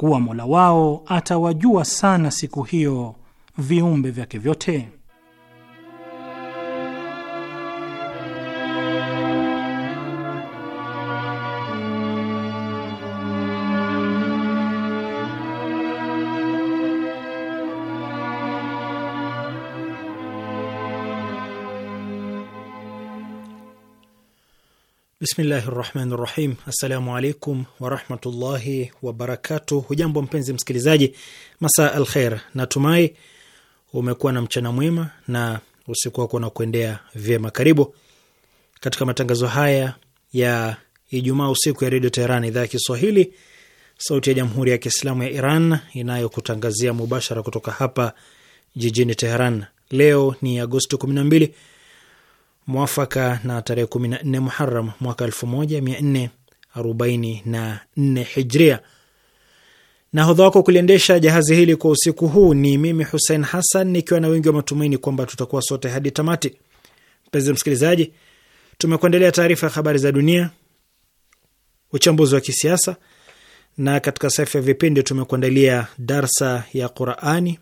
kuwa Mola wao atawajua sana siku hiyo viumbe vyake vyote. Bismillahi rahmani rahim. Assalamu alaikum warahmatullahi wabarakatuh. Hujambo mpenzi msikilizaji, masaa al kheir. Natumai umekuwa na mchana mwema na usiku wako na kuendea vyema. Karibu katika matangazo haya ya Ijumaa usiku ya Redio Teheran, idhaa ya Kiswahili, sauti ya Jamhuri ya Kiislamu ya Iran inayokutangazia mubashara kutoka hapa jijini Teheran. Leo ni Agosti mwafaka na tarehe kumi na nne Muharam mwaka elfu moja mia nne arobaini na nne Hijria. Nahodha wako kuliendesha jahazi hili kwa usiku huu ni mimi Husein Hassan, nikiwa na wengi wa matumaini kwamba tutakuwa sote hadi tamati. Mpenzi msikilizaji, tumekuendelea taarifa ya habari za dunia, uchambuzi wa kisiasa, na katika safu ya vipindi tumekuandalia darsa ya Qurani,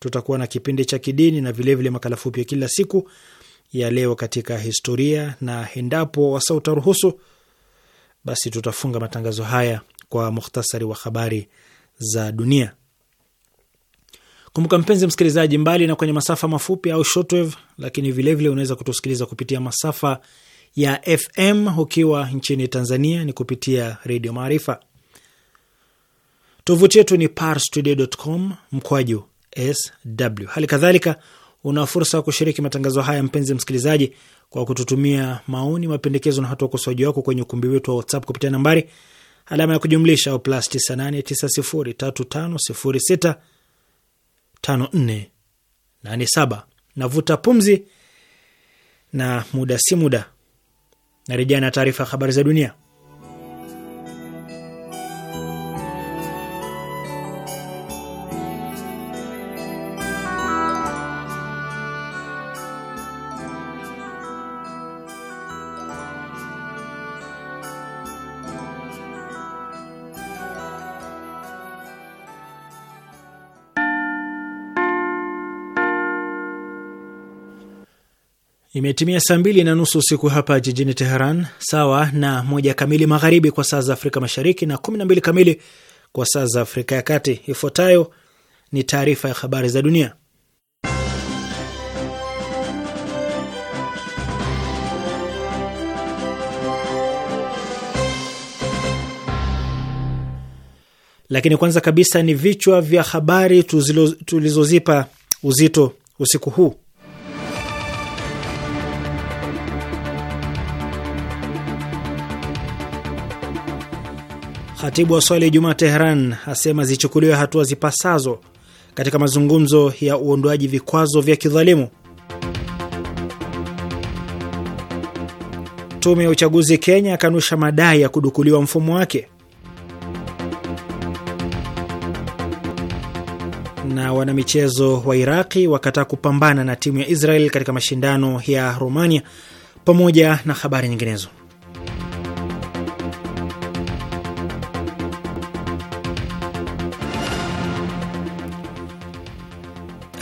tutakuwa na kipindi cha kidini na vilevile makala fupi ya kila siku ya leo katika historia, na endapo wasaa utaruhusu, basi tutafunga matangazo haya kwa muhtasari wa habari za dunia. Kumbuka mpenzi msikilizaji, mbali na kwenye masafa mafupi au shortwave, lakini vilevile unaweza kutusikiliza kupitia masafa ya FM ukiwa nchini Tanzania ni kupitia Redio Maarifa. Tovuti yetu ni parstoday.com mkwaju sw. Hali kadhalika Una fursa ya kushiriki matangazo haya, mpenzi msikilizaji, kwa kututumia maoni, mapendekezo na hata ukosoaji wako kwenye ukumbi wetu wa WhatsApp kupitia nambari alama ya kujumlisha au plus 989035065487. Navuta pumzi na muda si muda narejea na taarifa ya habari za dunia. Imetimia saa mbili na nusu usiku hapa jijini Teheran, sawa na moja kamili magharibi kwa saa za Afrika Mashariki na kumi na mbili kamili kwa saa za Afrika ya Kati. Ifuatayo ni taarifa ya habari za dunia, lakini kwanza kabisa ni vichwa vya habari tulizozipa uzito usiku huu. Khatibu wa swali ya Ijumaa Tehran asema zichukuliwe hatua zipasazo katika mazungumzo ya uondoaji vikwazo vya kidhalimu. Tume ya uchaguzi Kenya akanusha madai ya kudukuliwa mfumo wake, na wanamichezo wa Iraqi wakataa kupambana na timu ya Israel katika mashindano ya Romania, pamoja na habari nyinginezo.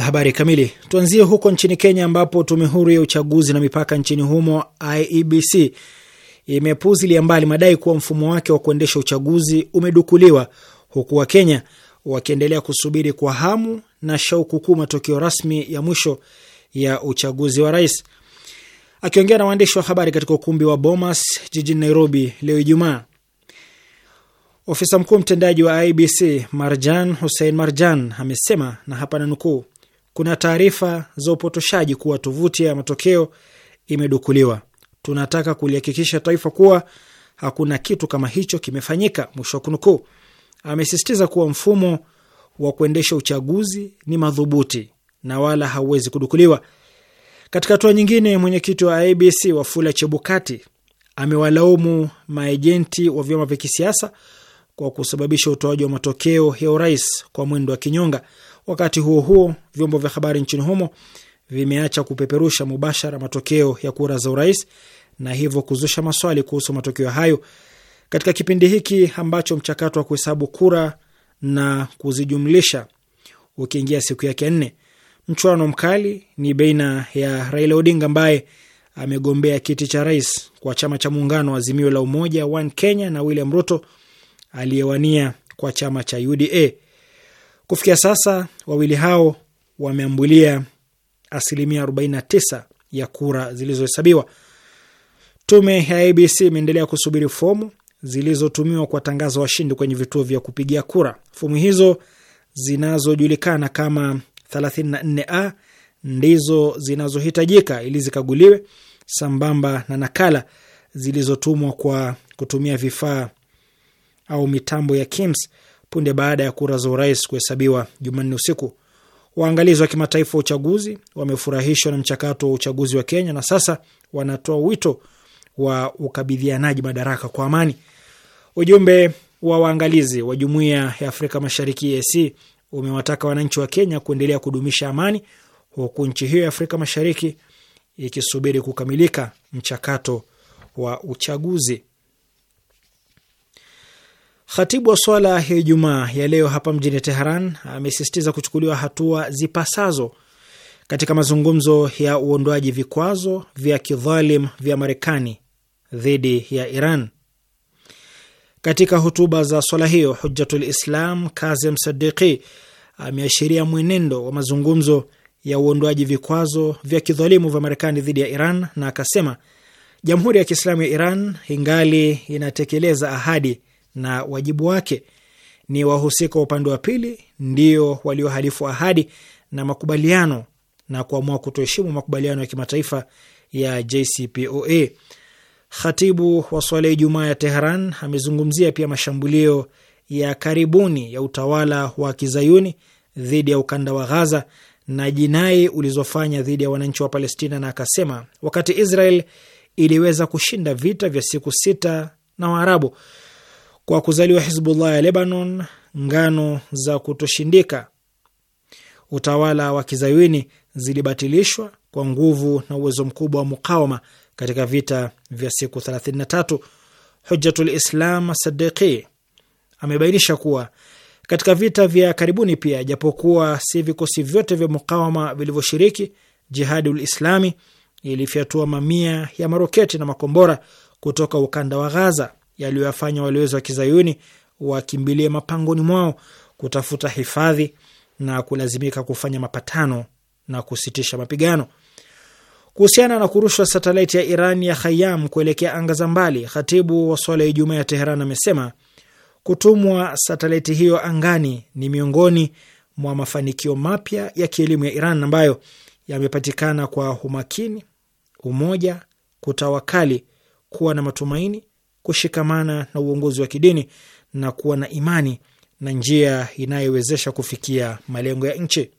habari kamili. Tuanzie huko nchini Kenya, ambapo tume huru ya uchaguzi na mipaka nchini humo IEBC imepuzilia mbali madai kuwa mfumo wake wa kuendesha uchaguzi umedukuliwa, huku Wakenya wakiendelea kusubiri kwa hamu na shauku kuu matokeo rasmi ya mwisho ya uchaguzi wa rais. Akiongea na waandishi wa habari katika ukumbi wa Bomas jijini Nairobi leo Ijumaa, ofisa mkuu mtendaji wa IBC e Marjan Hussein Marjan amesema, na hapa na nukuu, kuna taarifa za upotoshaji kuwa tovuti ya matokeo imedukuliwa. Tunataka kulihakikisha taifa kuwa hakuna kitu kama hicho kimefanyika, mwisho wa kunukuu. Amesisitiza kuwa mfumo wa kuendesha uchaguzi ni madhubuti na wala hauwezi kudukuliwa. Katika hatua nyingine, mwenyekiti wa IBC Wafula Chebukati amewalaumu maejenti wa vyama vya kisiasa kwa kusababisha utoaji wa matokeo ya urais kwa mwendo wa kinyonga. Wakati huo huo, vyombo vya habari nchini humo vimeacha kupeperusha mubashara matokeo ya kura za urais na hivyo kuzusha maswali kuhusu matokeo hayo katika kipindi hiki ambacho mchakato wa kuhesabu kura na kuzijumlisha ukiingia siku yake nne. Mchuano mkali ni baina ya Raila Odinga ambaye amegombea kiti cha rais kwa chama cha muungano wa Azimio la Umoja One Kenya na William Ruto aliyewania kwa chama cha UDA. Kufikia sasa wawili hao wameambulia asilimia 49 ya kura zilizohesabiwa. Tume ya ABC imeendelea kusubiri fomu zilizotumiwa kuwatangaza washindi kwenye vituo vya kupigia kura. Fomu hizo zinazojulikana kama 34A ndizo zinazohitajika ili zikaguliwe sambamba na nakala zilizotumwa kwa kutumia vifaa au mitambo ya KIMS punde baada ya kura za urais kuhesabiwa Jumanne usiku. Waangalizi wa kimataifa wa uchaguzi wamefurahishwa na mchakato wa uchaguzi wa Kenya na sasa wanatoa wito wa ukabidhianaji madaraka kwa amani. Ujumbe wa waangalizi wa Jumuiya ya Afrika Mashariki EAC umewataka wananchi wa Kenya kuendelea kudumisha amani, huku nchi hiyo ya Afrika Mashariki ikisubiri kukamilika mchakato wa uchaguzi. Khatibu wa swala ya Ijumaa ya leo hapa mjini Teheran amesisitiza kuchukuliwa hatua zipasazo katika mazungumzo ya uondoaji vikwazo vya kidhalim vya Marekani dhidi ya Iran. Katika hutuba za swala hiyo, Hujjatul Islam Kazem Sadiki ameashiria mwenendo wa mazungumzo ya uondoaji vikwazo vya kidhalimu vya Marekani dhidi ya Iran na akasema jamhuri ya Kiislamu ya Iran ingali inatekeleza ahadi na wajibu wake. Ni wahusika wa upande wa pili ndio waliohalifu ahadi na makubaliano na kuamua kutoheshimu makubaliano ya kimataifa ya JCPOA. Khatibu wa swala ya Ijumaa ya Teheran amezungumzia pia mashambulio ya karibuni ya utawala wa kizayuni dhidi ya ukanda wa Ghaza na jinai ulizofanya dhidi ya wananchi wa Palestina, na akasema wakati Israel iliweza kushinda vita vya siku sita na Waarabu kwa kuzaliwa Hizbullah ya Lebanon, ngano za kutoshindika utawala wa kizayuni zilibatilishwa kwa nguvu na uwezo mkubwa wa mukawama katika vita vya siku 33. Hujjatul Islam Sadiqi amebainisha kuwa katika vita vya karibuni pia, japokuwa si vikosi vyote vya mukawama vilivyoshiriki, Jihadi Islami ilifyatua mamia ya maroketi na makombora kutoka ukanda wa Ghaza yaliyoyafanya walowezi wa kizayuni wakimbilie mapangoni mwao kutafuta hifadhi na kulazimika kufanya mapatano na kusitisha mapigano. Kuhusiana na kurushwa satelaiti ya Iran ya Khayam kuelekea anga za mbali, khatibu wa swala ya Ijumaa ya Teheran amesema kutumwa satelaiti hiyo angani ni miongoni mwa mafanikio mapya ya kielimu ya Iran ambayo yamepatikana kwa umakini, umoja, kutawakali, kuwa na matumaini kushikamana na uongozi wa kidini na kuwa na imani na njia inayowezesha kufikia malengo ya nchi.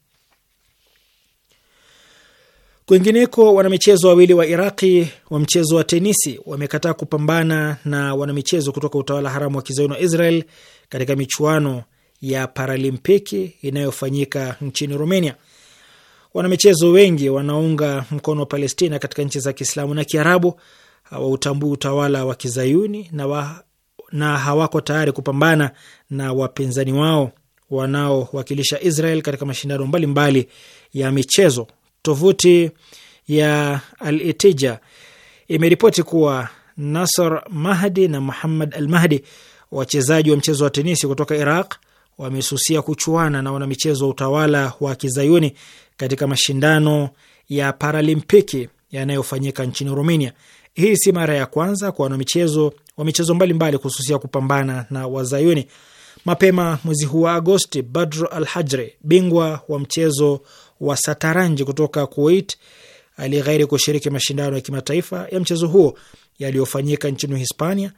Kwingineko, wanamichezo wawili wa Iraqi wa mchezo wa tenisi wamekataa kupambana na wanamichezo kutoka utawala haramu wa kizayuni wa Israel katika michuano ya Paralimpiki inayofanyika nchini Romania. Wanamichezo wengi wanaunga mkono wa Palestina katika nchi za Kiislamu na Kiarabu hawautambui utawala wa kizayuni na, wa, na hawako tayari kupambana na wapinzani wao wanaowakilisha Israel katika mashindano mbalimbali mbali ya michezo. Tovuti ya Al-Itija imeripoti kuwa Nasr Mahdi na Muhammad Al-Mahdi, wachezaji wa mchezo wa tenisi kutoka Iraq, wamesusia kuchuana na wanamichezo wa utawala wa kizayuni katika mashindano ya Paralimpiki yanayofanyika nchini Romania. Hii si mara ya kwanza kwa wanamichezo wa michezo mbalimbali kuhususia kupambana na Wazayuni. Mapema mwezi huu wa Agosti, Badr Al Hajre, bingwa wa mchezo wa sataranji kutoka Kuwait, alighairi kushiriki mashindano ya kimataifa ya mchezo huo yaliyofanyika nchini Hispania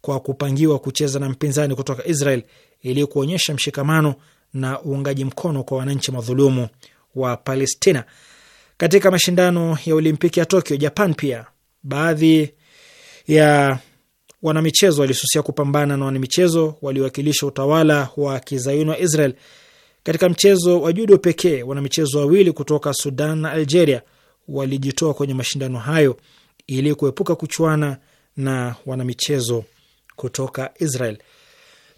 kwa kupangiwa kucheza na mpinzani kutoka Israel ili kuonyesha mshikamano na uungaji mkono kwa wananchi madhulumu wa Palestina. Katika mashindano ya Olimpiki ya Tokyo, Japan pia Baadhi ya wanamichezo walisusia kupambana na wanamichezo waliowakilisha utawala wa kizayuni wa Israel. Katika mchezo wa judo pekee, wanamichezo wawili kutoka Sudan na Algeria walijitoa kwenye mashindano hayo ili kuepuka kuchuana na wanamichezo kutoka Israel.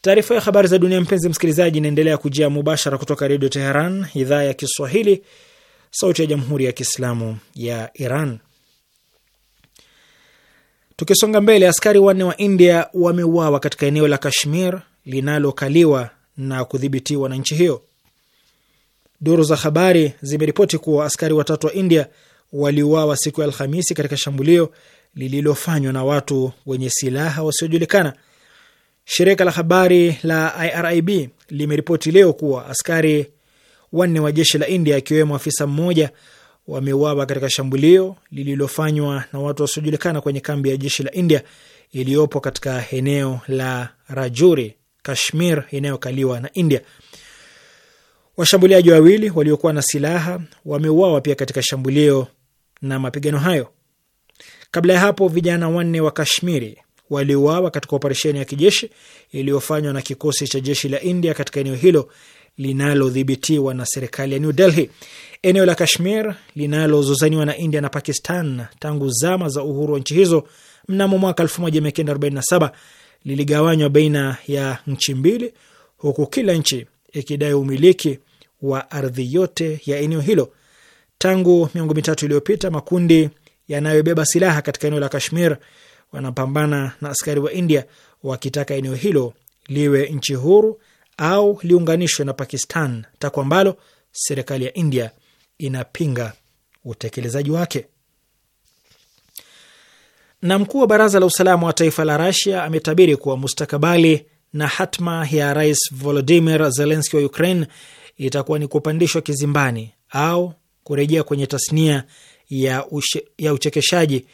Taarifa ya habari za dunia, mpenzi msikilizaji, inaendelea kujia mubashara kutoka Redio Teheran, idhaa ya Kiswahili, sauti ya jamhuri ya kiislamu ya Iran. Tukisonga mbele, askari wanne wa India wameuawa katika eneo la Kashmir linalokaliwa na kudhibitiwa na nchi hiyo. Duru za habari zimeripoti kuwa askari watatu wa India waliuawa siku ya Alhamisi katika shambulio lililofanywa na watu wenye silaha wasiojulikana. Shirika la habari la IRIB limeripoti leo kuwa askari wanne wa jeshi la India akiwemo afisa mmoja wameuawa katika shambulio lililofanywa na watu wasiojulikana kwenye kambi ya jeshi la India iliyopo katika eneo la Rajuri, Kashmir inayokaliwa na India. Washambuliaji wawili waliokuwa na silaha wameuawa pia katika shambulio na mapigano hayo. Kabla ya hapo, vijana wanne wa Kashmiri waliuawa katika operesheni ya kijeshi iliyofanywa na kikosi cha jeshi la India katika eneo hilo linalodhibitiwa na serikali ya New Delhi. Eneo la Kashmir linalozozaniwa na India na Pakistan tangu zama za uhuru wa nchi hizo mnamo mwaka 1947 liligawanywa baina ya nchi mbili, huku kila nchi ikidai umiliki wa ardhi yote ya eneo hilo. Tangu miongo mitatu iliyopita, makundi yanayobeba silaha katika eneo la Kashmir wanapambana na askari wa India wakitaka eneo hilo liwe nchi huru au liunganishwe na Pakistan, takwa ambalo serikali ya India inapinga utekelezaji wake. Na mkuu wa baraza la usalama wa taifa la Rasia ametabiri kuwa mustakabali na hatma ya rais Volodimir Zelenski wa Ukraine itakuwa ni kupandishwa kizimbani au kurejea kwenye tasnia ya, ya uchekeshaji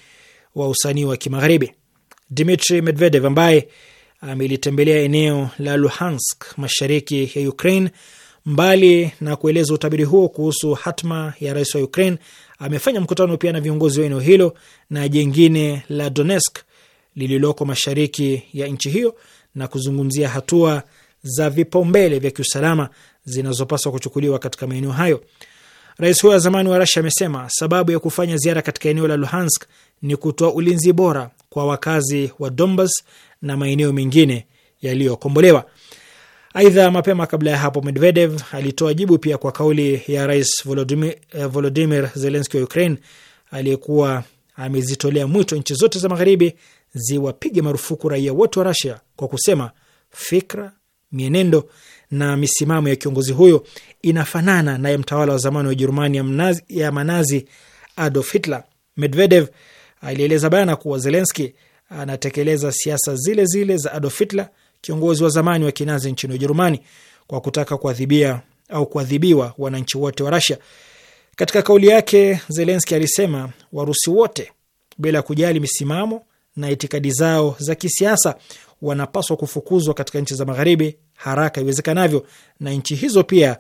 wa usanii wa kimagharibi. Dmitri Medvedev ambaye amelitembelea eneo la Luhansk mashariki ya Ukraine. Mbali na kueleza utabiri huo kuhusu hatma ya rais wa Ukraine, amefanya mkutano pia na viongozi wa eneo hilo na jengine la Donetsk lililoko mashariki ya nchi hiyo na kuzungumzia hatua za vipaumbele vya kiusalama zinazopaswa kuchukuliwa katika maeneo hayo. Rais huyo wa zamani wa Rasia amesema sababu ya kufanya ziara katika eneo la Luhansk ni kutoa ulinzi bora kwa wakazi wa Donbas na maeneo mengine yaliyokombolewa. Aidha, mapema kabla ya hapo Medvedev alitoa jibu pia kwa kauli ya Rais Volodymyr, eh, Volodymyr Zelenski wa Ukraine aliyekuwa amezitolea mwito nchi zote za Magharibi ziwapige marufuku raia wote wa rasia kwa kusema fikra, mienendo na misimamo ya kiongozi huyo inafanana na ya mtawala wa zamani wa Ujerumani ya, ya manazi Adolf Hitler. Medvedev alieleza bayana kuwa Zelenski anatekeleza siasa zile zile za Adolf Hitler, kiongozi wa zamani wa kinazi nchini Ujerumani, kwa kutaka kuadhibia au kuadhibiwa wananchi wote wa Rasia. Katika kauli yake, Zelenski alisema Warusi wote bila kujali misimamo na itikadi zao za kisiasa wanapaswa kufukuzwa katika nchi za magharibi haraka iwezekanavyo, na nchi hizo pia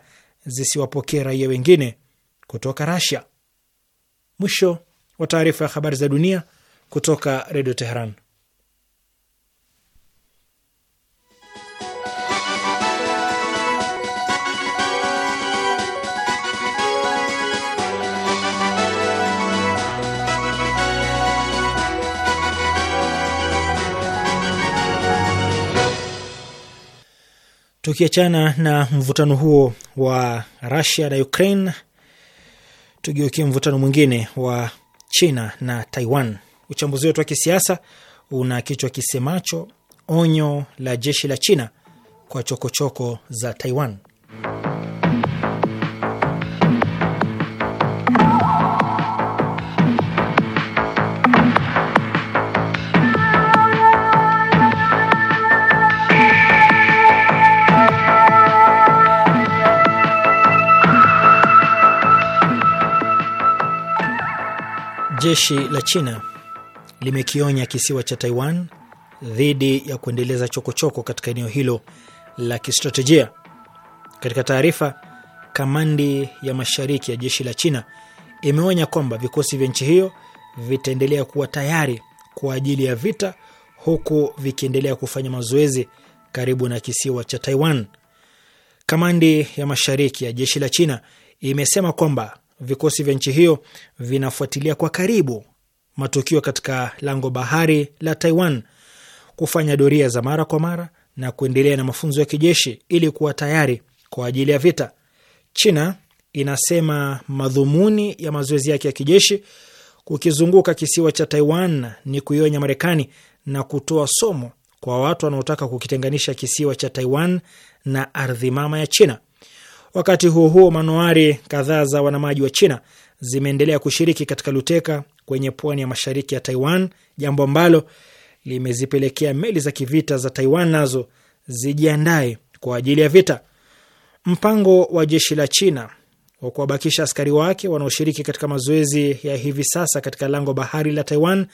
zisiwapokee raia wengine kutoka Rasia. Mwisho wa taarifa ya habari za dunia kutoka Redio Teheran. Tukiachana na mvutano huo wa rusia na Ukraine, tugeukie mvutano mwingine wa China na Taiwan. Uchambuzi wetu wa kisiasa una kichwa kisemacho onyo la jeshi la China kwa chokochoko choko za Taiwan. Jeshi la China limekionya kisiwa cha Taiwan dhidi ya kuendeleza chokochoko -choko katika eneo hilo la kistratejia. Katika taarifa, kamandi ya mashariki ya jeshi la China imeonya kwamba vikosi vya nchi hiyo vitaendelea kuwa tayari kwa ajili ya vita, huku vikiendelea kufanya mazoezi karibu na kisiwa cha Taiwan. Kamandi ya mashariki ya jeshi la China imesema kwamba vikosi vya nchi hiyo vinafuatilia kwa karibu matukio katika lango bahari la Taiwan, kufanya doria za mara kwa mara na kuendelea na mafunzo ya kijeshi ili kuwa tayari kwa ajili ya vita. China inasema madhumuni ya mazoezi yake ya kijeshi kukizunguka kisiwa cha Taiwan ni kuionya Marekani na kutoa somo kwa watu wanaotaka kukitenganisha kisiwa cha Taiwan na ardhi mama ya China. Wakati huo huo, manuari kadhaa za wanamaji wa China zimeendelea kushiriki katika luteka kwenye pwani ya mashariki ya Taiwan, jambo ambalo limezipelekea meli za kivita za Taiwan nazo zijiandae kwa ajili ya vita. Mpango wa jeshi la China wa kuwabakisha askari wake wanaoshiriki katika mazoezi ya hivi sasa katika lango bahari la Taiwan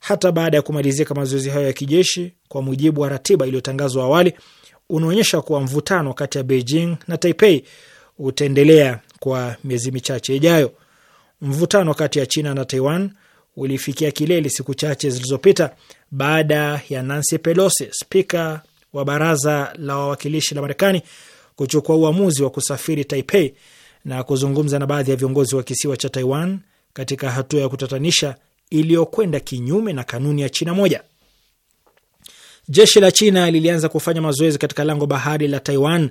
hata baada ya kumalizika mazoezi hayo ya kijeshi, kwa mujibu wa ratiba iliyotangazwa awali, unaonyesha kuwa mvutano kati ya Beijing na Taipei utaendelea kwa miezi michache ijayo. Mvutano kati ya China na Taiwan ulifikia kilele siku chache zilizopita baada ya Nancy Pelosi, spika wa baraza la wawakilishi la Marekani, kuchukua uamuzi wa kusafiri Taipei na kuzungumza na baadhi ya viongozi wa kisiwa cha Taiwan katika hatua ya kutatanisha iliyokwenda kinyume na kanuni ya China moja. Jeshi la China lilianza kufanya mazoezi katika lango bahari la Taiwan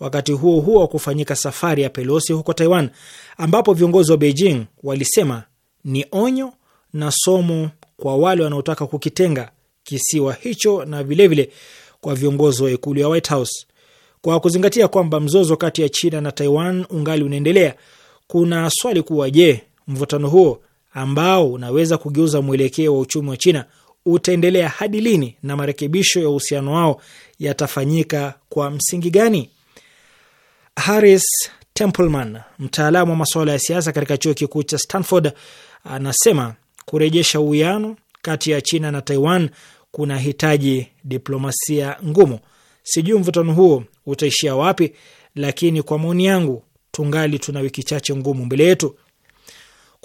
wakati huo huo wa kufanyika safari ya Pelosi huko Taiwan, ambapo viongozi wa Beijing walisema ni onyo na somo kwa wale wanaotaka kukitenga kisiwa hicho na vilevile vile kwa viongozi wa ikulu ya White House. Kwa kuzingatia kwamba mzozo kati ya China na Taiwan ungali unaendelea, kuna swali kuwa je, mvutano huo ambao unaweza kugeuza mwelekeo wa uchumi wa China utaendelea hadi lini na marekebisho ya uhusiano wao yatafanyika kwa msingi gani? Harris Templeman, mtaalamu wa masuala ya siasa katika chuo kikuu cha Stanford, anasema kurejesha uwiano kati ya China na Taiwan kuna hitaji diplomasia ngumu. Sijui mvutano huo utaishia wapi, lakini kwa maoni yangu tungali tuna wiki chache ngumu mbele yetu.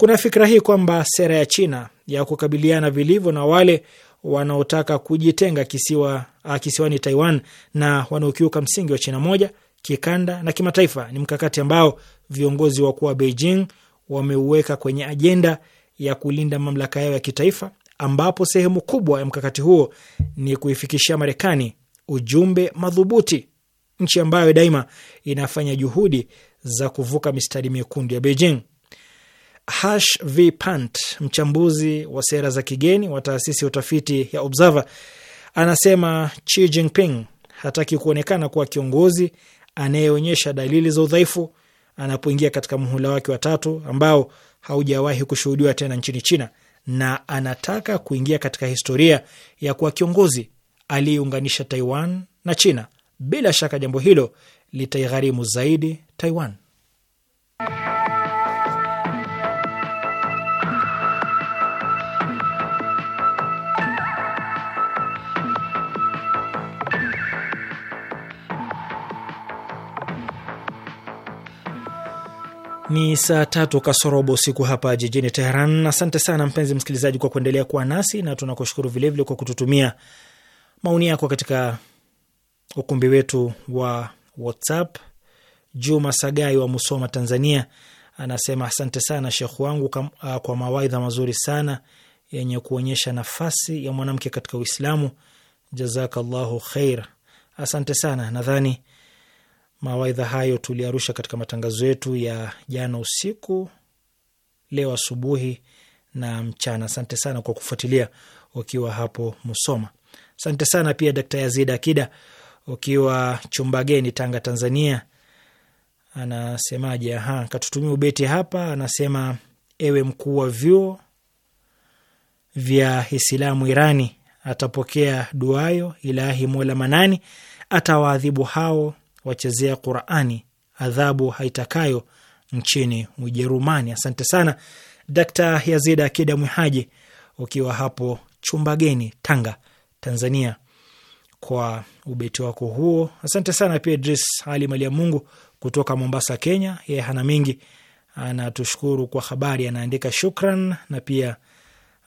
Kuna fikra hii kwamba sera ya China ya kukabiliana vilivyo na wale wanaotaka kujitenga kisiwa ah, kisiwani Taiwan na wanaokiuka msingi wa China moja kikanda na kimataifa ni mkakati ambao viongozi wakuu wa Beijing wameuweka kwenye ajenda ya kulinda mamlaka yao ya kitaifa, ambapo sehemu kubwa ya mkakati huo ni kuifikishia Marekani ujumbe madhubuti, nchi ambayo daima inafanya juhudi za kuvuka mistari miekundu ya Beijing. Harsh V Pant, mchambuzi wa sera za kigeni wa taasisi ya utafiti ya Observer, anasema Xi Jinping hataki kuonekana kuwa kiongozi anayeonyesha dalili za udhaifu anapoingia katika muhula wake wa tatu ambao haujawahi kushuhudiwa tena nchini China, na anataka kuingia katika historia ya kuwa kiongozi aliyeunganisha Taiwan na China. Bila shaka jambo hilo litaigharimu zaidi Taiwan. Ni saa tatu kasorobo usiku hapa jijini Teheran. Asante sana mpenzi msikilizaji kwa kuendelea kuwa nasi na tunakushukuru vilevile kwa kututumia maoni yako katika ukumbi wetu wa WhatsApp. Juma Sagai wa Musoma, Tanzania, anasema asante sana shekhu wangu uh, kwa mawaidha mazuri sana yenye kuonyesha nafasi ya mwanamke katika Uislamu. Jazakallahu kheir. Asante sana, nadhani Mawaidha hayo tuliarusha katika matangazo yetu ya jana usiku, leo asubuhi na mchana. Asante sana kwa kufuatilia ukiwa hapo Musoma. Asante sana pia Dakta Yazid Akida ukiwa Chumbageni, Tanga, Tanzania. Anasemaje? Aha, katutumia ubeti hapa, anasema ewe mkuu wa vyuo vya Islamu Irani, atapokea duayo Ilahi Mola Manani, atawaadhibu hao wachezea Qurani adhabu haitakayo nchini Ujerumani. Asante sana Dkt Yazid Akida Mwihaji, ukiwa hapo Chumbageni, Tanga, Tanzania, kwa ubeti wako huo. Asante sana pia Idris Ali Mali ya Mungu kutoka Mombasa, Kenya. Yeye hana mengi, anatushukuru kwa habari, anaandika shukran, na pia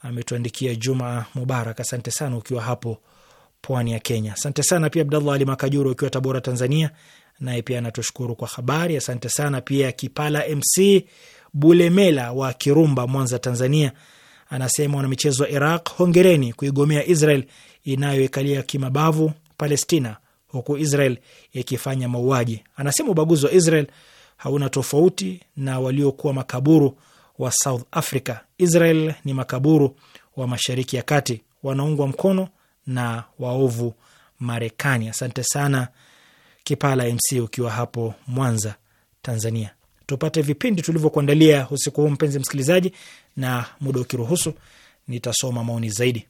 ametuandikia Juma Mubarak. Asante sana ukiwa hapo pwani ya Kenya. Asante sana pia Abdallah Ali Makajuru ukiwa Tabora, Tanzania, naye pia anatushukuru kwa habari. Asante sana pia Kipala MC Bulemela wa Kirumba, Mwanza, Tanzania, anasema wanamichezo wa Iraq, hongereni kuigomea Israel inayoikalia kimabavu Palestina, huku Israel ikifanya mauaji. Anasema ubaguzi wa Israel hauna tofauti na waliokuwa makaburu wa South Africa. Israel ni makaburu wa Mashariki ya Kati, wanaungwa mkono na waovu Marekani. Asante sana Kipala MC ukiwa hapo Mwanza, Tanzania. Tupate vipindi tulivyokuandalia usiku huu, mpenzi msikilizaji, na muda ukiruhusu nitasoma maoni zaidi.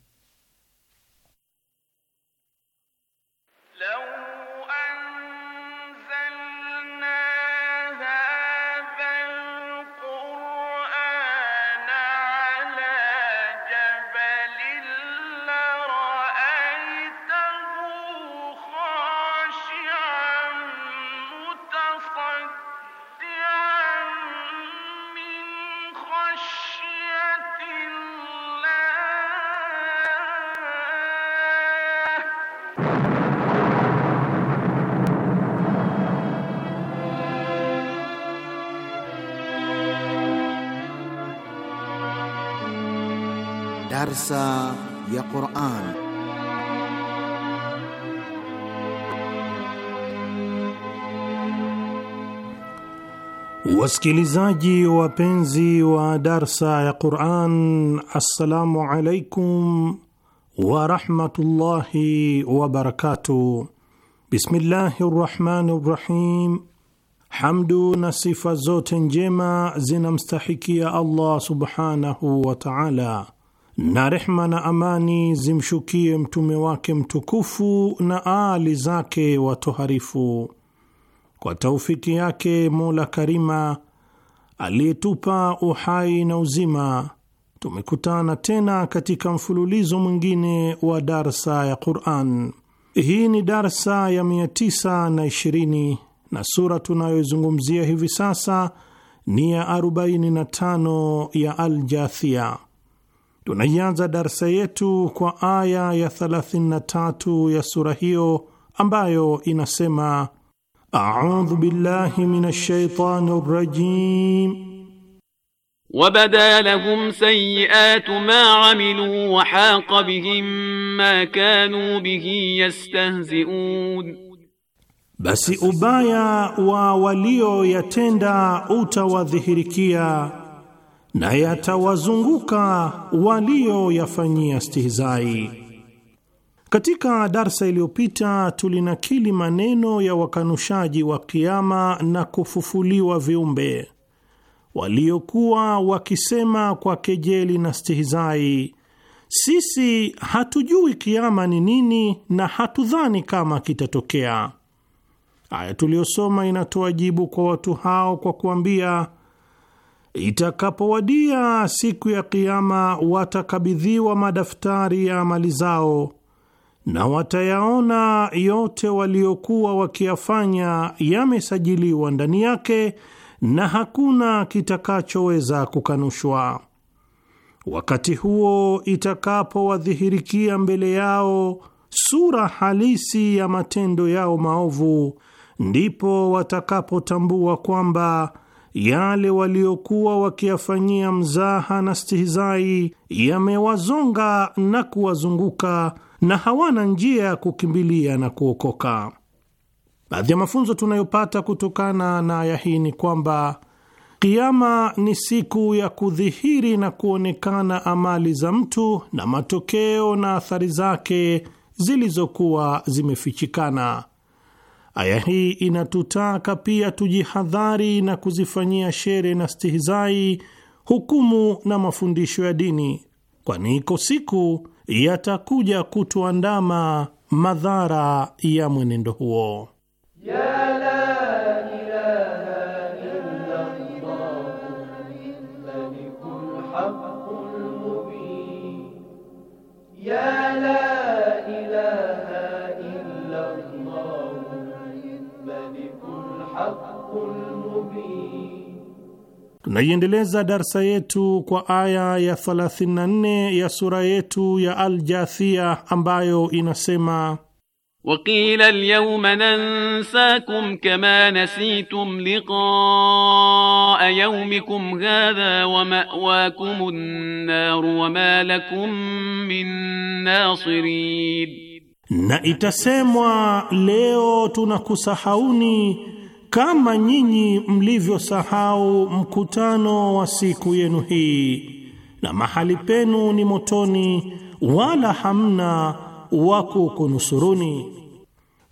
Wasikilizaji wapenzi wa darsa ya Quran, assalamu alaikum warahmatullahi wabarakatuh. Bismillahi rahmani rahim Hamdu na sifa zote njema zinamstahikia Allah subhanahu wa taala, na rehma na amani zimshukie mtume wake mtukufu na aali zake watoharifu kwa taufiki yake Mola Karima aliyetupa uhai na uzima, tumekutana tena katika mfululizo mwingine wa darsa ya Quran. Hii ni darsa ya 920 na sura tunayoizungumzia hivi sasa ni ya 45 ya Aljathia. Tunaianza darsa yetu kwa aya ya 33 ya sura hiyo ambayo inasema أعوذ بالله من الشيطان الرجيم وبدا لهم ma ما عملوا وحاق بهم ما كانوا به يستهزئون basi ubaya wa walioyatenda utawadhihirikia na yatawazunguka walioyafanyia stihizai katika darsa iliyopita tulinakili maneno ya wakanushaji wa kiama na kufufuliwa viumbe waliokuwa wakisema kwa kejeli na stihizai, sisi hatujui kiama ni nini na hatudhani kama kitatokea. Aya tuliyosoma inatoa jibu kwa watu hao kwa kuambia itakapowadia siku ya kiama watakabidhiwa madaftari ya amali zao na watayaona yote waliokuwa wakiyafanya yamesajiliwa ndani yake na hakuna kitakachoweza kukanushwa. Wakati huo itakapowadhihirikia mbele yao sura halisi ya matendo yao maovu, ndipo watakapotambua kwamba yale waliokuwa wakiyafanyia mzaha na stihizai yamewazonga na kuwazunguka na hawana njia ya kukimbilia na kuokoka. Baadhi ya mafunzo tunayopata kutokana na aya hii ni kwamba kiama ni siku ya kudhihiri na kuonekana amali za mtu na matokeo na athari zake zilizokuwa zimefichikana. Aya hii inatutaka pia tujihadhari na kuzifanyia shere na stihizai hukumu na mafundisho ya dini, kwani iko siku yatakuja kutuandama madhara ya mwenendo huo ya la Tunaiendeleza darsa yetu kwa aya ya 34 ya sura yetu ya aljathia ambayo inasema Wakila alyawma nansakum kama nasitum liqaa yawmikum hadha wa ma'wakum an-nar wa ma lakum min nasirin, na itasemwa leo tunakusahauni kama nyinyi mlivyosahau mkutano wa siku yenu hii, na mahali penu ni motoni, wala hamna wa kukunusuruni.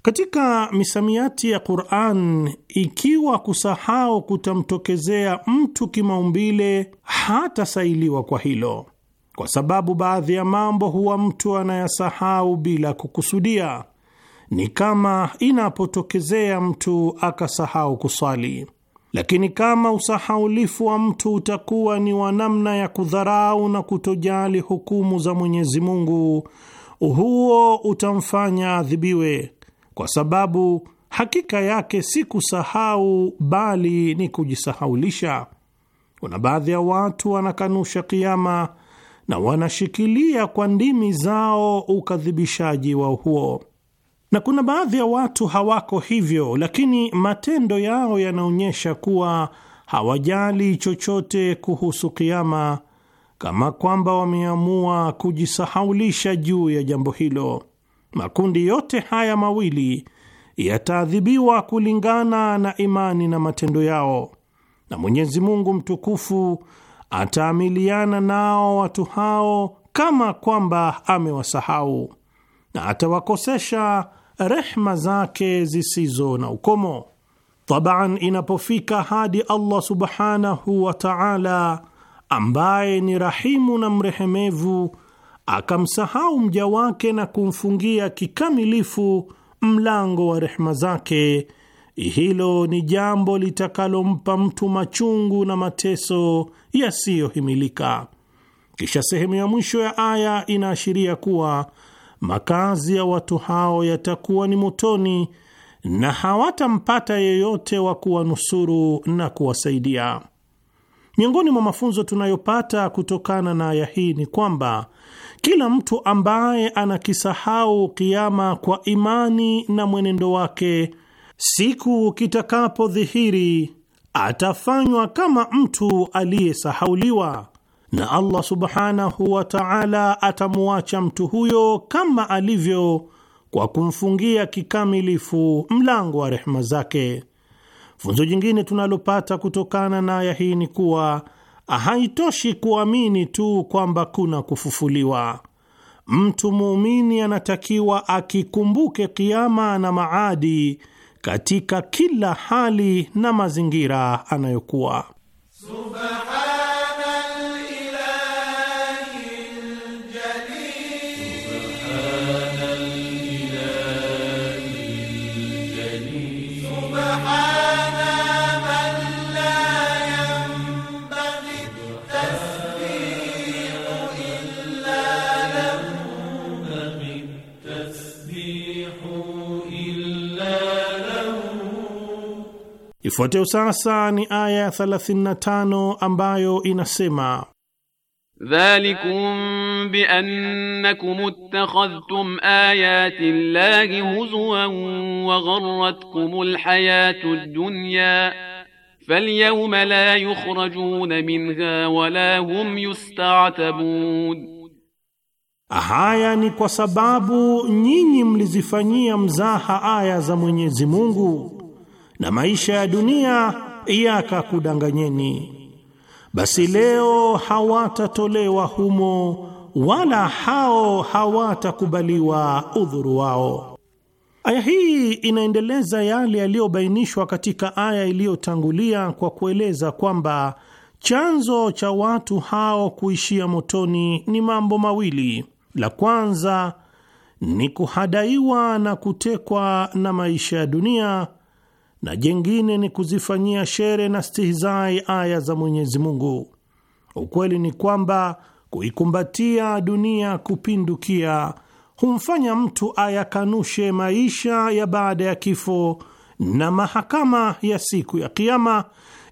Katika misamiati ya Qur'an, ikiwa kusahau kutamtokezea mtu kimaumbile, hatasailiwa kwa hilo, kwa sababu baadhi ya mambo huwa mtu anayasahau bila kukusudia ni kama inapotokezea mtu akasahau kuswali. Lakini kama usahaulifu wa mtu utakuwa ni wa namna ya kudharau na kutojali hukumu za Mwenyezi Mungu, huo utamfanya adhibiwe, kwa sababu hakika yake si kusahau, bali ni kujisahaulisha. Kuna baadhi ya watu wanakanusha kiama na wanashikilia kwa ndimi zao ukadhibishaji wa huo na kuna baadhi ya watu hawako hivyo, lakini matendo yao yanaonyesha kuwa hawajali chochote kuhusu kiama, kama kwamba wameamua kujisahaulisha juu ya jambo hilo. Makundi yote haya mawili yataadhibiwa kulingana na imani na matendo yao, na Mwenyezi Mungu mtukufu ataamiliana nao watu hao kama kwamba amewasahau na atawakosesha rehma zake zisizo na ukomo. Taban, inapofika hadi Allah subhanahu wa taala ambaye ni rahimu na mrehemevu, akamsahau mja wake na kumfungia kikamilifu mlango wa rehma zake, hilo ni jambo litakalompa mtu machungu na mateso yasiyohimilika. Kisha sehemu ya mwisho ya aya inaashiria kuwa makazi ya watu hao yatakuwa ni motoni na hawatampata yeyote wa kuwanusuru na kuwasaidia. Miongoni mwa mafunzo tunayopata kutokana na aya hii ni kwamba kila mtu ambaye anakisahau kiama kwa imani na mwenendo wake, siku kitakapodhihiri atafanywa kama mtu aliyesahauliwa na Allah subhanahu wa ta'ala atamwacha mtu huyo kama alivyo kwa kumfungia kikamilifu mlango wa rehema zake. Funzo jingine tunalopata kutokana na aya hii ni kuwa haitoshi kuamini tu kwamba kuna kufufuliwa. Mtu muumini anatakiwa akikumbuke kiama na maadi katika kila hali na mazingira anayokuwa Subhan Ifuatayo sasa ni aya 35 ambayo inasema Dhalikum annakum ittakhadhtum ayati Allahi huzwan wa gharratkum alhayatu ad-dunya falyawma la yukhrajuna minha wa la hum yusta'tabun Haya ni kwa sababu nyinyi mlizifanyia mzaha aya za Mwenyezi Mungu na maisha ya dunia yakakudanganyeni, basi leo hawatatolewa humo wala hao hawatakubaliwa udhuru wao. Aya hii inaendeleza yale yaliyobainishwa katika aya iliyotangulia kwa kueleza kwamba chanzo cha watu hao kuishia motoni ni mambo mawili. La kwanza ni kuhadaiwa na kutekwa na maisha ya dunia, na jengine ni kuzifanyia shere na stihizai aya za Mwenyezi Mungu. Ukweli ni kwamba kuikumbatia dunia kupindukia humfanya mtu ayakanushe maisha ya baada ya kifo na mahakama ya siku ya Kiama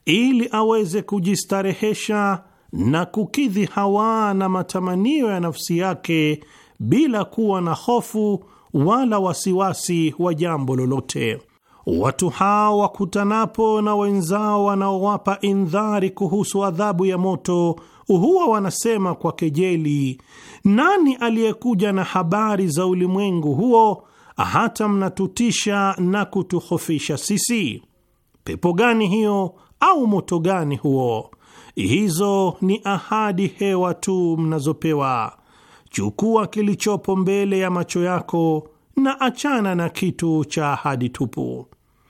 ili aweze kujistarehesha na kukidhi hawa na matamanio ya nafsi yake bila kuwa na hofu wala wasiwasi wa jambo lolote. Watu hao wakutanapo na wenzao wanaowapa indhari kuhusu adhabu ya moto huwa wanasema kwa kejeli, nani aliyekuja na habari za ulimwengu huo hata mnatutisha na kutuhofisha sisi? Pepo gani hiyo au moto gani huo? Hizo ni ahadi hewa tu mnazopewa. Chukua kilichopo mbele ya macho yako na achana na kitu cha ahadi tupu.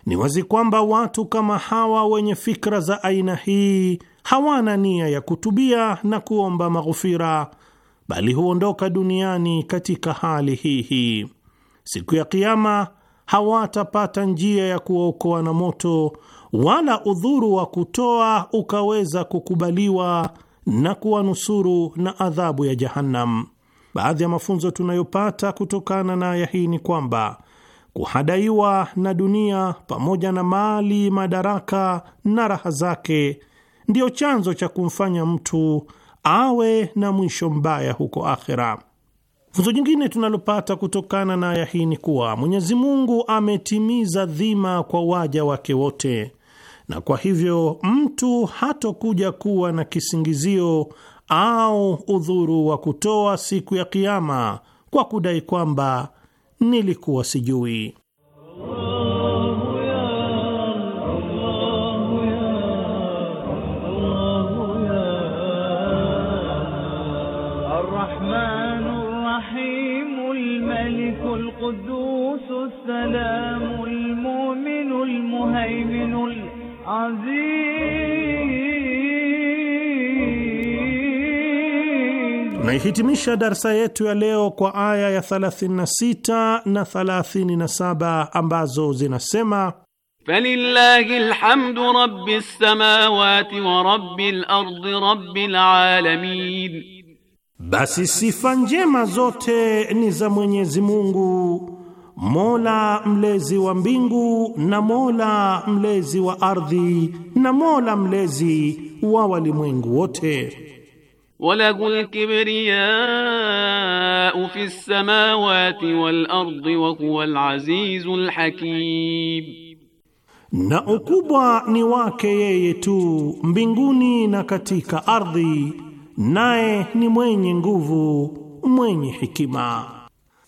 Ni wazi kwamba watu kama hawa wenye fikra za aina hii hawana nia ya kutubia na kuomba maghufira, bali huondoka duniani katika hali hii hii. Siku ya Kiama hawatapata njia ya kuwaokoa na moto, wala udhuru wa kutoa ukaweza kukubaliwa na kuwanusuru na adhabu ya Jahannam. Baadhi ya mafunzo tunayopata kutokana na aya hii ni kwamba kuhadaiwa na dunia pamoja na mali, madaraka na raha zake ndiyo chanzo cha kumfanya mtu awe na mwisho mbaya huko akhira Funzo jingine tunalopata kutokana na aya hii ni kuwa Mwenyezi Mungu ametimiza dhima kwa waja wake wote, na kwa hivyo mtu hatokuja kuwa na kisingizio au udhuru wa kutoa siku ya Kiama kwa kudai kwamba nilikuwa sijui. Tunaihitimisha darsa yetu ya leo kwa aya ya 36 na 37 ambazo zinasema Falillahi alhamdu rabbis samawati wa rabbil ardi rabbil alamin, basi sifa njema zote ni za Mwenyezi Mungu Mola mlezi wa mbingu na Mola mlezi wa ardhi na Mola mlezi wa walimwengu wote walahu lkibriyau fi lsamawati walardi wa huwa alazizu na ukubwa ni wake yeye tu mbinguni na katika ardhi, naye ni mwenye nguvu mwenye hikima.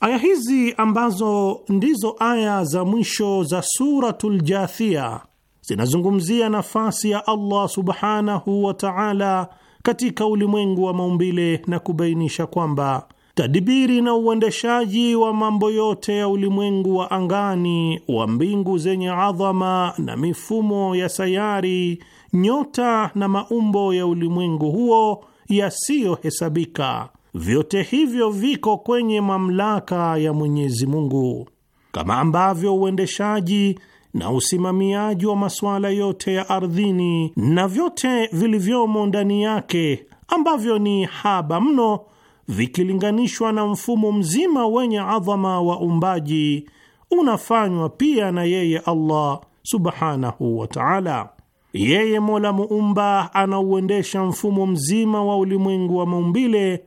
Aya hizi ambazo ndizo aya za mwisho za Suratul Jathia zinazungumzia nafasi ya Allah subhanahu wa ta'ala katika ulimwengu wa maumbile na kubainisha kwamba tadibiri na uendeshaji wa mambo yote ya ulimwengu wa angani, wa mbingu zenye adhama na mifumo ya sayari, nyota na maumbo ya ulimwengu huo yasiyohesabika, vyote hivyo viko kwenye mamlaka ya Mwenyezi Mungu, kama ambavyo uendeshaji na usimamiaji wa masuala yote ya ardhini na vyote vilivyomo ndani yake ambavyo ni haba mno vikilinganishwa na mfumo mzima wenye adhama wa uumbaji unafanywa pia na yeye Allah subhanahu wa ta'ala. Yeye Mola muumba anauendesha mfumo mzima wa ulimwengu wa maumbile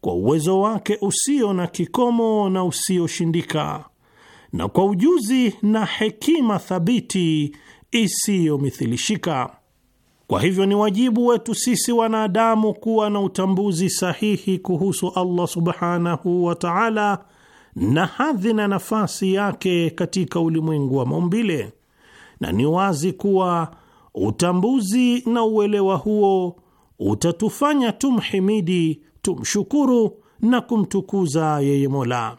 kwa uwezo wake usio na kikomo na usioshindika na kwa ujuzi na hekima thabiti isiyomithilishika. Kwa hivyo ni wajibu wetu sisi wanadamu kuwa na utambuzi sahihi kuhusu Allah subhanahu wa ta'ala na hadhi na nafasi yake katika ulimwengu wa maumbile, na ni wazi kuwa utambuzi na uelewa huo utatufanya tumhimidi, tumshukuru na kumtukuza yeye Mola,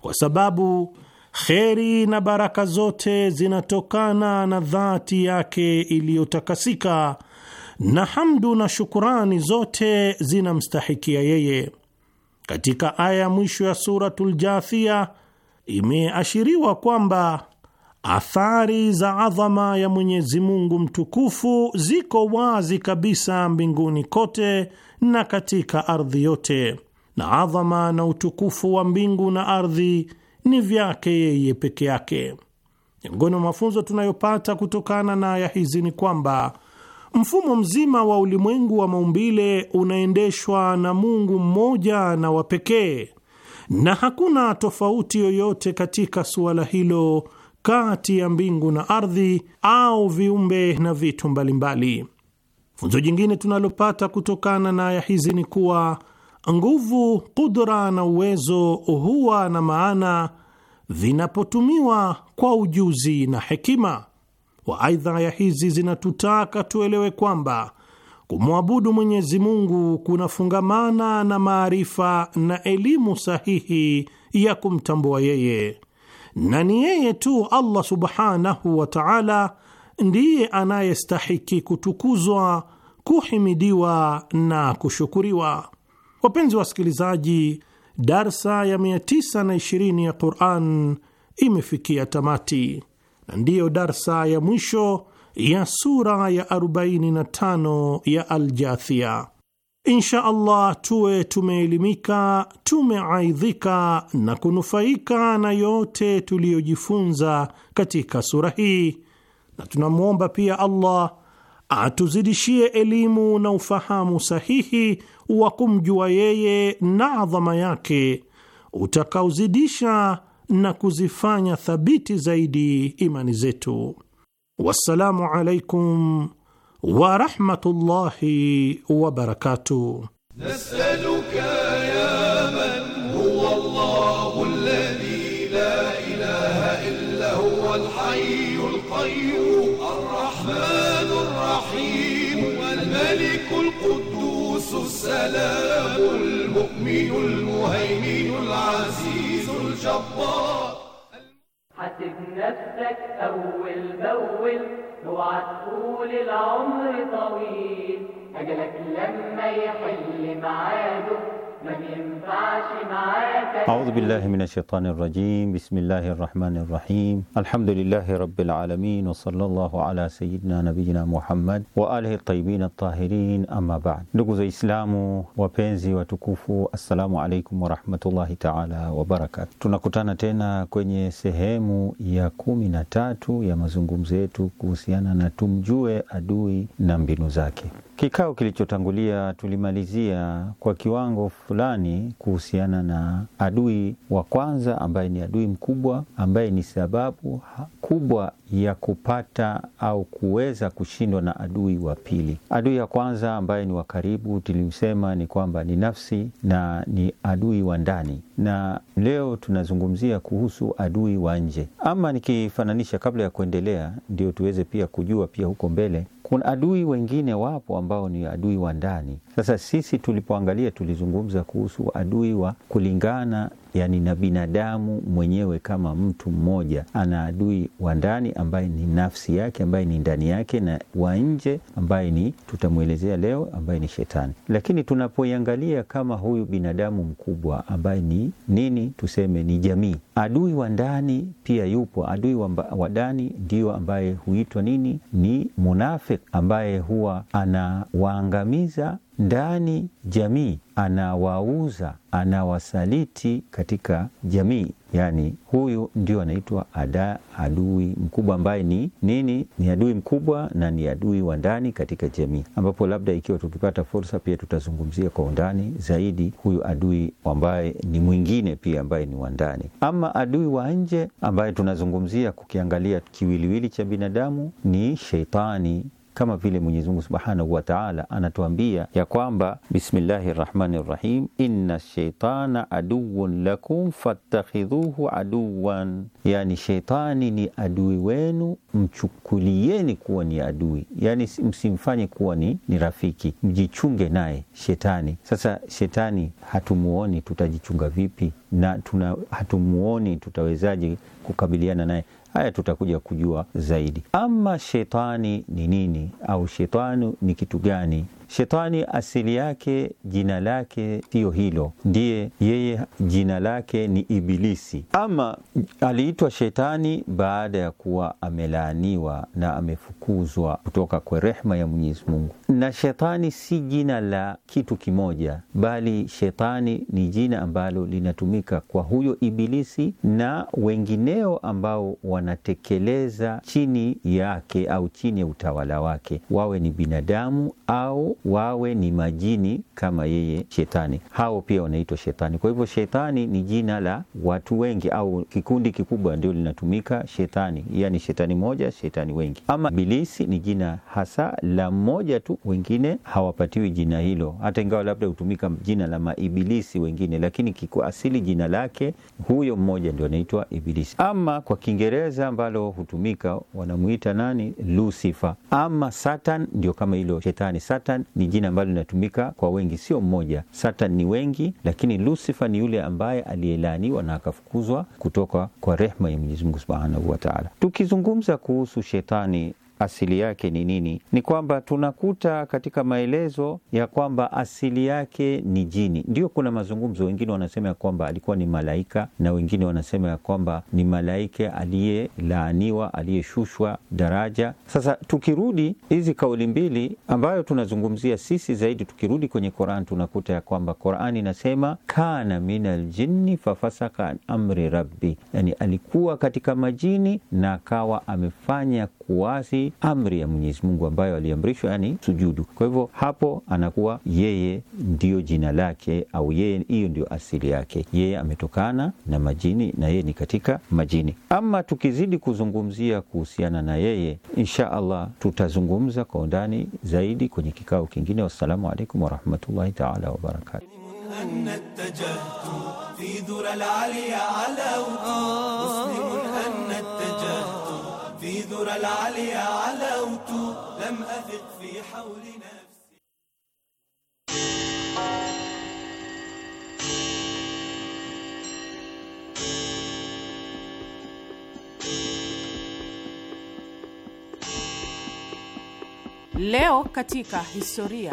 kwa sababu kheri na baraka zote zinatokana na dhati yake iliyotakasika na hamdu na shukurani zote zinamstahikia yeye. Katika aya ya mwisho ya Suratul Jathia imeashiriwa kwamba athari za adhama ya Mwenyezi Mungu mtukufu ziko wazi kabisa mbinguni kote na katika ardhi yote, na adhama na utukufu wa mbingu na ardhi ni vyake yeye peke yake. Miongoni mwa mafunzo tunayopata kutokana na aya hizi ni kwamba mfumo mzima wa ulimwengu wa maumbile unaendeshwa na Mungu mmoja na wa pekee, na hakuna tofauti yoyote katika suala hilo kati ya mbingu na ardhi au viumbe na vitu mbalimbali Funzo jingine tunalopata kutokana na aya hizi ni kuwa Nguvu, kudra na uwezo huwa na maana vinapotumiwa kwa ujuzi na hekima. wa aidha ya hizi zinatutaka tuelewe kwamba kumwabudu Mwenyezi Mungu kunafungamana na maarifa na elimu sahihi ya kumtambua yeye, na ni yeye tu Allah subhanahu wa ta'ala ndiye anayestahiki kutukuzwa, kuhimidiwa na kushukuriwa. Wapenzi wa wasikilizaji, darsa ya 920 ya Quran imefikia tamati na ndiyo darsa ya mwisho ya sura ya 45 ya Aljathia. Insha Allah tuwe tumeelimika, tumeaidhika na kunufaika na yote tuliyojifunza katika sura hii, na tunamwomba pia Allah atuzidishie elimu na ufahamu sahihi wa kumjua yeye na adhama yake utakaozidisha na kuzifanya thabiti zaidi imani zetu. Wassalamu alaikum warahmatullahi wabarakatuh. السلام المؤمن المهيمن العزيز الجبار حاسب نفسك أول بأول اوعى تقول العمر طويل أجلك لما يحل معاده أعوذ بالله من الشيطان الرجيم بسم الله الرحمن الرحيم الحمد لله رب العالمين وصلى الله على سيدنا نبينا محمد وآله الطيبين الطاهرين أما بعد ba'd. إسلام وبنزي Islamu wapenzi عليكم ورحمة الله تعالى وبركاته wabarakatu. تينا tena kwenye sehemu ya kumi na tatu ya mazungumzo yetu kuhusiana na tumjue adui na mbinu zake. Kikao kilichotangulia tulimalizia kwa kiwango fulani kuhusiana na adui wa kwanza ambaye ni adui mkubwa ambaye ni sababu kubwa ya kupata au kuweza kushindwa na adui wa pili. Adui ya kwanza ambaye ni wa karibu tulimsema ni kwamba ni nafsi na ni adui wa ndani, na leo tunazungumzia kuhusu adui wa nje. Ama nikifananisha, kabla ya kuendelea, ndio tuweze pia kujua pia huko mbele kuna adui wengine wapo ambao ni adui wa ndani. Sasa sisi tulipoangalia, tulizungumza kuhusu adui wa kulingana yani na binadamu mwenyewe kama mtu mmoja ana adui wa ndani ambaye ni nafsi yake ambaye ni ndani yake na wa nje ambaye ni tutamwelezea leo ambaye ni shetani. Lakini tunapoiangalia kama huyu binadamu mkubwa ambaye ni nini, tuseme ni jamii, adui wa ndani pia yupo. Adui wa ndani ndiyo ambaye huitwa nini, ni munafik ambaye huwa anawaangamiza ndani jamii, anawauza anawasaliti katika jamii. Yani huyu ndio anaitwa ada adui mkubwa, ambaye ni nini? Ni adui mkubwa na ni adui wa ndani katika jamii, ambapo labda ikiwa tukipata fursa pia tutazungumzia kwa undani zaidi huyu adui ambaye ni mwingine pia ambaye ni wa ndani. Ama adui wa nje ambaye tunazungumzia kukiangalia kiwiliwili cha binadamu ni sheitani kama vile Mwenyezi Mungu Subhanahu wa Ta'ala anatuambia ya kwamba bismillahi rahmani rahim, inna shaitana aduwun lakum fattakhidhuhu aduwan, yani shaitani ni adui wenu, mchukulieni kuwa ni adui, yani msimfanye kuwa ni, ni rafiki, mjichunge naye shetani. Sasa shetani hatumuoni, tutajichunga vipi? na tuna hatumuoni, tutawezaje kukabiliana naye? Haya tutakuja kujua zaidi. Ama shetani ni nini au shetani ni kitu gani? Shetani asili yake jina lake siyo hilo, ndiye yeye jina lake ni Ibilisi, ama aliitwa shetani baada ya kuwa amelaaniwa na amefukuzwa kutoka kwa rehma ya Mwenyezi Mungu. Na shetani si jina la kitu kimoja, bali shetani ni jina ambalo linatumika kwa huyo Ibilisi na wengineo ambao wanatekeleza chini yake au chini ya utawala wake, wawe ni binadamu au wawe ni majini kama yeye shetani. Hao pia wanaitwa shetani. Kwa hivyo shetani ni jina la watu wengi au kikundi kikubwa ndio linatumika shetani, yani shetani moja, shetani wengi. Ama bilisi ni jina hasa la mmoja tu, wengine hawapatiwi jina hilo, hata ingawa labda hutumika jina la maibilisi wengine, lakini kwa asili jina lake huyo mmoja ndio anaitwa ibilisi. Ama kwa Kiingereza ambalo hutumika wanamuita nani, Lucifer ama Satan, ndio kama hilo shetani Satan Satan ni jina ambalo linatumika kwa wengi, sio mmoja. Satan ni wengi, lakini Lucifer ni yule ambaye aliyelaaniwa na akafukuzwa kutoka kwa rehma ya Mwenyezi Mungu subhanahu wa taala. Tukizungumza kuhusu shetani asili yake ni nini? Ni kwamba tunakuta katika maelezo ya kwamba asili yake ni jini. Ndio kuna mazungumzo, wengine wanasema ya kwamba alikuwa ni malaika na wengine wanasema ya kwamba ni malaika aliyelaaniwa, aliyeshushwa daraja. Sasa tukirudi hizi kauli mbili ambayo tunazungumzia sisi zaidi, tukirudi kwenye qoran tunakuta ya kwamba Qur'an inasema kana min jinni fafasaka an amri rabbi, yani alikuwa katika majini na akawa amefanya kuasi amri ya Mwenyezi Mungu ambayo aliamrishwa, yani sujudu. Kwa hivyo hapo anakuwa yeye ndiyo jina lake au yeye, hiyo ndio asili yake, yeye ametokana na majini na yeye ni katika majini. Ama tukizidi kuzungumzia kuhusiana na yeye, insha Allah tutazungumza kwa undani zaidi kwenye kikao kingine. Wassalamu alaikum warahmatullahi taala wabarakatu. نور العالي علوت لم أثق في حول نفسي Leo katika historia.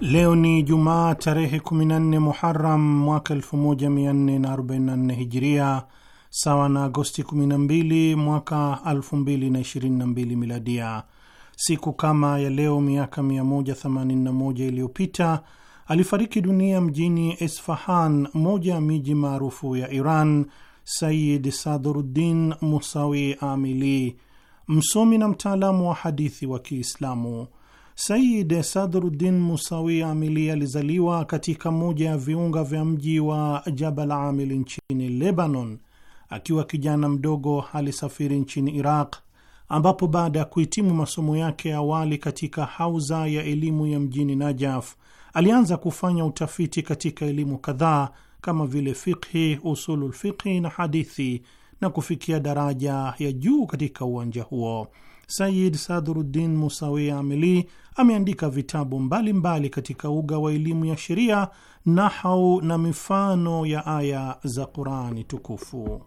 Leo ni Jumaa tarehe 14 Muharam mwaka 1444 Hijiria, sawa na Agosti 12 mwaka 2022 miladia. Siku kama ya leo miaka 181 iliyopita alifariki dunia mjini Esfahan, moja ya miji maarufu ya Iran, Sayid Sadruddin Musawi Amili, msomi na mtaalamu wa hadithi wa Kiislamu. Sayid Sadruddin Musawi Amili alizaliwa katika moja ya viunga vya mji wa Jabal Amili nchini Lebanon Akiwa kijana mdogo alisafiri nchini Iraq ambapo baada ya kuhitimu masomo yake ya awali katika hauza ya elimu ya mjini Najaf alianza kufanya utafiti katika elimu kadhaa kama vile fiqhi, usulul fiqhi na hadithi na kufikia daraja ya juu katika uwanja huo. Sayid Sadhuruddin Musawi Amili ameandika vitabu mbalimbali mbali katika uga wa elimu ya sheria, nahau na mifano ya aya za Qurani tukufu.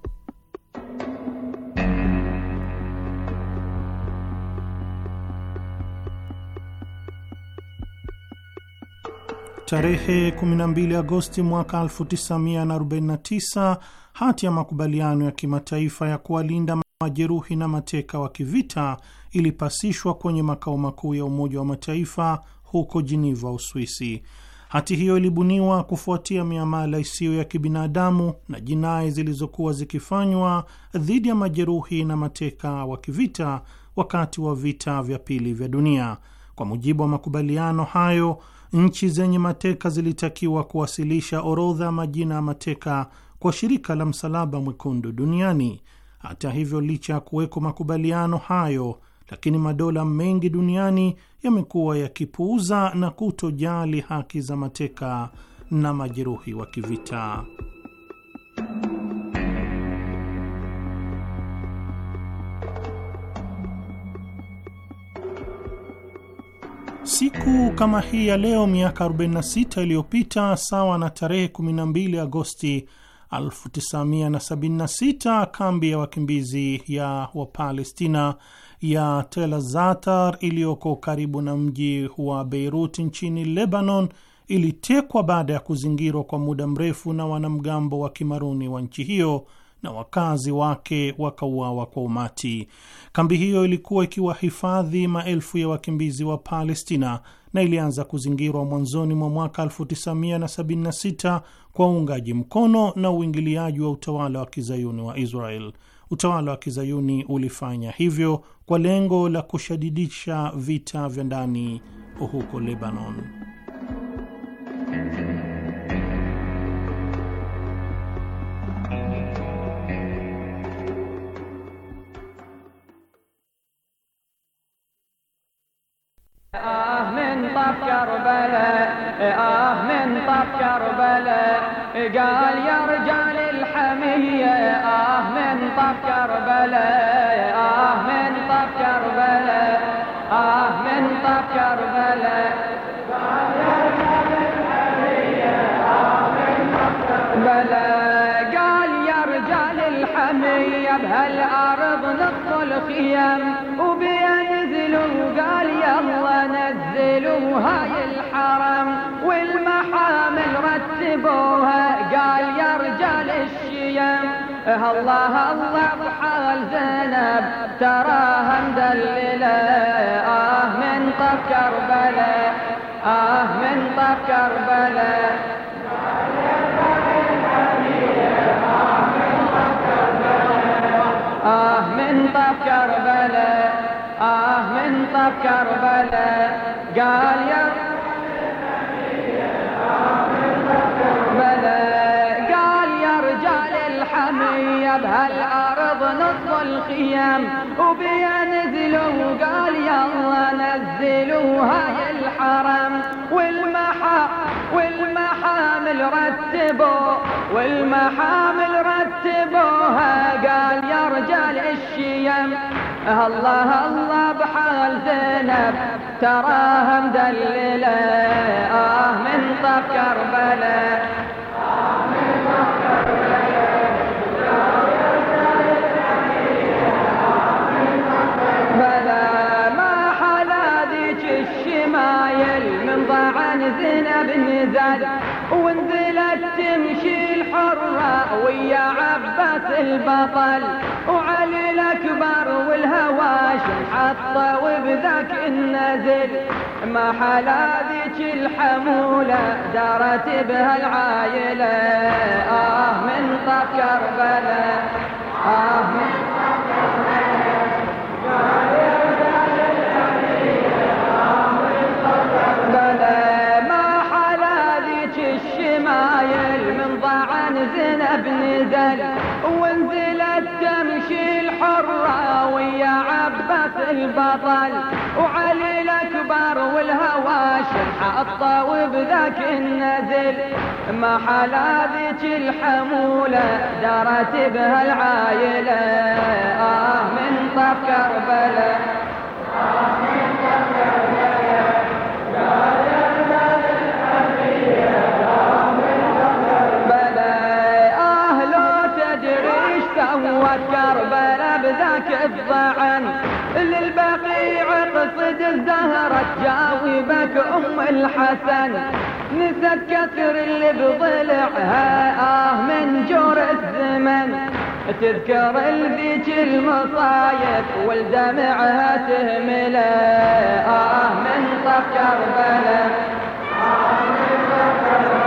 Tarehe 12 Agosti mwaka 1949 hati ya makubaliano ya kimataifa ya kuwalinda majeruhi na mateka wa kivita ilipasishwa kwenye makao makuu ya Umoja wa Mataifa huko Jiniva, Uswisi. Hati hiyo ilibuniwa kufuatia miamala isiyo ya kibinadamu na jinai zilizokuwa zikifanywa dhidi ya majeruhi na mateka wa kivita wakati wa vita vya pili vya dunia. Kwa mujibu wa makubaliano hayo, nchi zenye mateka zilitakiwa kuwasilisha orodha ya majina ya mateka kwa shirika la Msalaba Mwekundu duniani. Hata hivyo, licha ya kuweko makubaliano hayo, lakini madola mengi duniani yamekuwa yakipuuza na kutojali haki za mateka na majeruhi wa kivita. Siku kama hii ya leo miaka 46 iliyopita, sawa na tarehe 12 Agosti 1976 kambi ya wakimbizi ya Wapalestina ya Tel Zatar iliyoko karibu na mji wa Beirut nchini Lebanon ilitekwa baada ya kuzingirwa kwa muda mrefu na wanamgambo wa kimaruni wa nchi hiyo na wakazi wake wakauawa kwa umati. Kambi hiyo ilikuwa ikiwahifadhi maelfu ya wakimbizi wa Palestina na ilianza kuzingirwa mwanzoni mwa mwaka 1976 kwa uungaji mkono na uingiliaji wa utawala wa kizayuni wa Israel. Utawala wa kizayuni ulifanya hivyo kwa lengo la kushadidisha vita vya ndani huko Lebanon. كربلاء آه من طب كربلاء قال يا رجال الحمية آه من طب كربلاء آه من طب كربلاء آه من طب كربلاء بلا قال يا رجال الحمية بهالأرض نقتل خيام وهاي الحرم والمحامل رتبوها قال يا رجال الشيم الله الله بحال زينب تراها مدللة آه من طف كربلة آه من طف كربلة آه من طف كربلة آه من طف كربلة قال يا قال يا رجال الحمية بهالأرض نص الخيام وبيا نزلوا وقال يلا نزلوا هاي الحرم والمحا والمحامل رتبوا والمحامل رتبوها قال يا رجال الشيم الله الله حال زينب تراها مدللة آه من طف كربلة وانزلت ما حلا الشمايل من ضعن زينب نزل تمشي الحرة ويا عباس البطل حطه وبذاك النزل ما حلا ذيك الحمولة دارت بها العايلة آه من طف كربلة آه من طف الشمايل من ضعن زنب نزل البطل وعلي الأكبر والهوى شرح الطاوب ذاك النزل ما حلا ذيك الحمولة دارت بها العايلة آه من طف كربلة آه من طف يا بذاك الضعن الزهرة تجاوبك أم الحسن نسيت كثر اللي بضلعها آه من جور الزمن تذكر لذيك المصايب والدمعها تهمل آه من طف كربلاء آه من طف كربلاء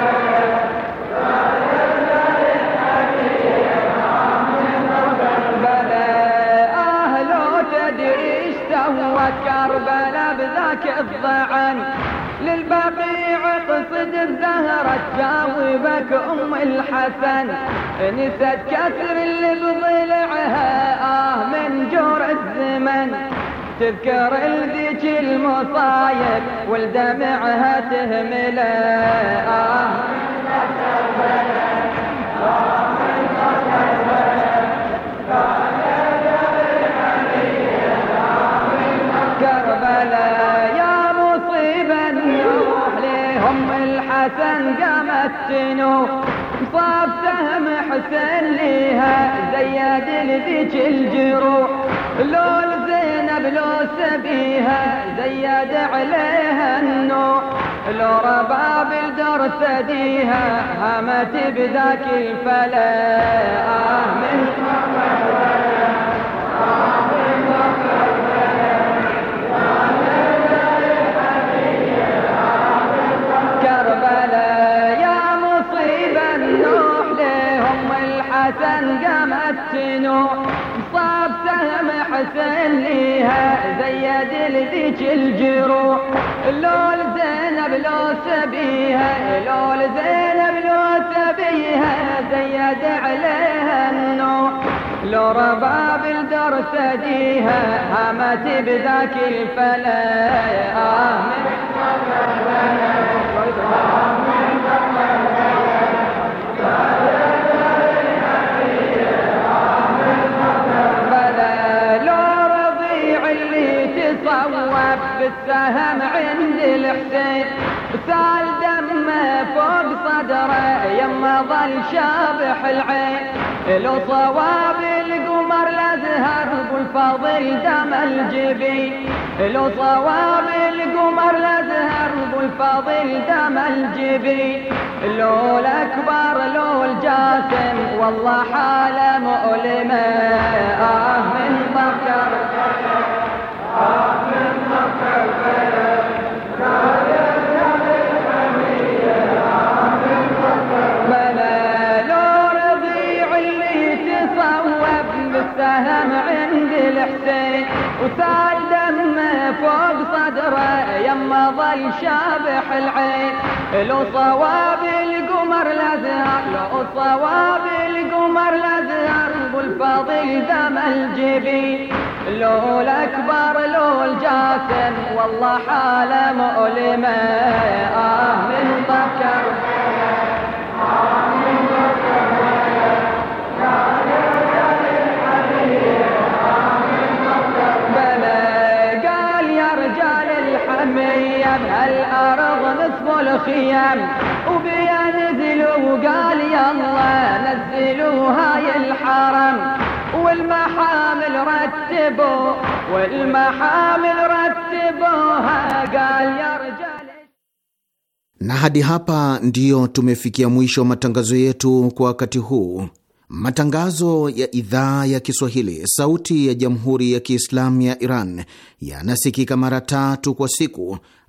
ذاك الضعن للباقي عقصد الزهرة تجاوبك أم الحسن نسيت كسر اللي بضلعها آه من جور الزمن تذكر لذيك المصايب والدمعها تهمله آه ساعة قامت تنو سهم محسن ليها زياد لذيك الجروح لو زينب لو سبيها زياد عليها النوع لو رباب الدر سديها همت بذاك الفلا آه من صار سهم حسن ليها زيد لذيك الجروح لول زينب لو سبيها لول زينب لو سبيها زيد عليها النوح لو رباب الدرس ديها همت بذاك الفلاح الوطن شابح العين لو صواب القمر لذهب بالفضل دم الجبين لو صواب القمر لذهب بالفضل دم الجبين لو الاكبر لو الجاسم والله حاله مؤلمه آه من مكر آه من مكر آه، سهم عند الحسين وسال دمه فوق صدره يما ظل شابح العين لو صواب القمر الازهر لو صواب القمر الازهر والفضل دم الجبين لو الاكبر لو الجاسم والله حاله مؤلمه آه من طكر الخيام وبيا نزلوا وقال يلا نزلوا هاي الحرم والمحامل رتبوا والمحامل رتبوها قال يا na hadi hapa ndiyo tumefikia mwisho wa matangazo yetu kwa wakati huu. Matangazo ya idhaa ya Kiswahili sauti ya jamhuri ya Kiislamu ya Iran yanasikika mara tatu kwa siku